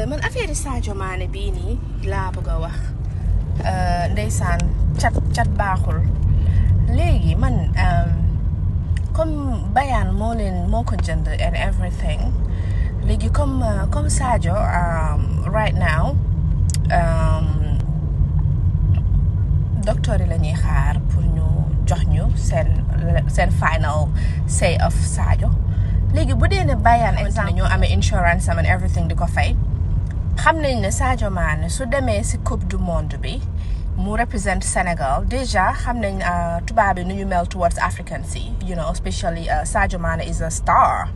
Euh, man affaire yi Sadio bii nii laa bëgg a wax euh, ndeysaan cat cat baaxul léegi man euh, comme Bayern moo leen moo ko jënd and everything léegi comme comme Sadio um, right now um, docteur yi la ñuy xaar pour ñu jox ñu seen seen final say of Sadio léegi bu dee ne Bayern exemple ñoo amee insurance am and everything di ko fay. xam nañ ne Sadio maane su demee si coupe du monde bi mu représente Sénégal déjà xam nañ euh, tubaab bi nu ñu mel towards Africans yi you know especially euh, Sadio Mané is a star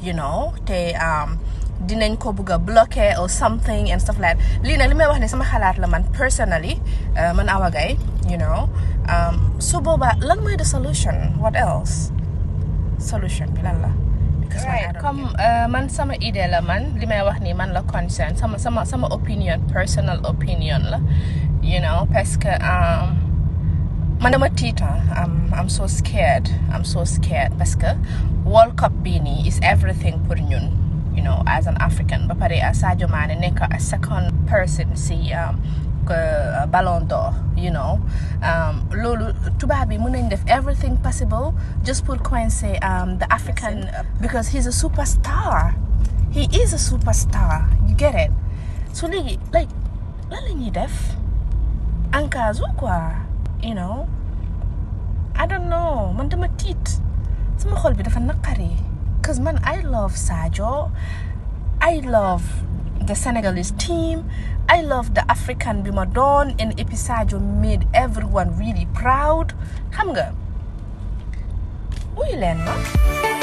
you know te um, dinañ ko bëgg a bloqué or something and stuff like lii nag li may wax ne sama xalaat la man personally euh, man Awa Gaye you know um, su boobaa lan mooy the solution what else solution bi lan la. right comme uh, man sama idée la man li may wax ni man la concern sama sama sama opinion personal opinion la you know parce que um, man dama tiitan am am so scared am so scared parce que World Cup bii nii is everything pour ñun you know as an African ba pare Sadio Mané nekk a second person si um, uh, Ballon d'Or you know um, loolu tubaab bi mën nañ everything possible just pour coincer um, the African because he's a superstar he is a superstar you get it so like, like lan la ñuy def encase you know I don't know man dama tiit sama xol bi dafa nakari. cause man I love Sajo. I love the Senegalese team. I love the African Bimadon and Episadio made everyone really proud. Come nga, uy leen ma.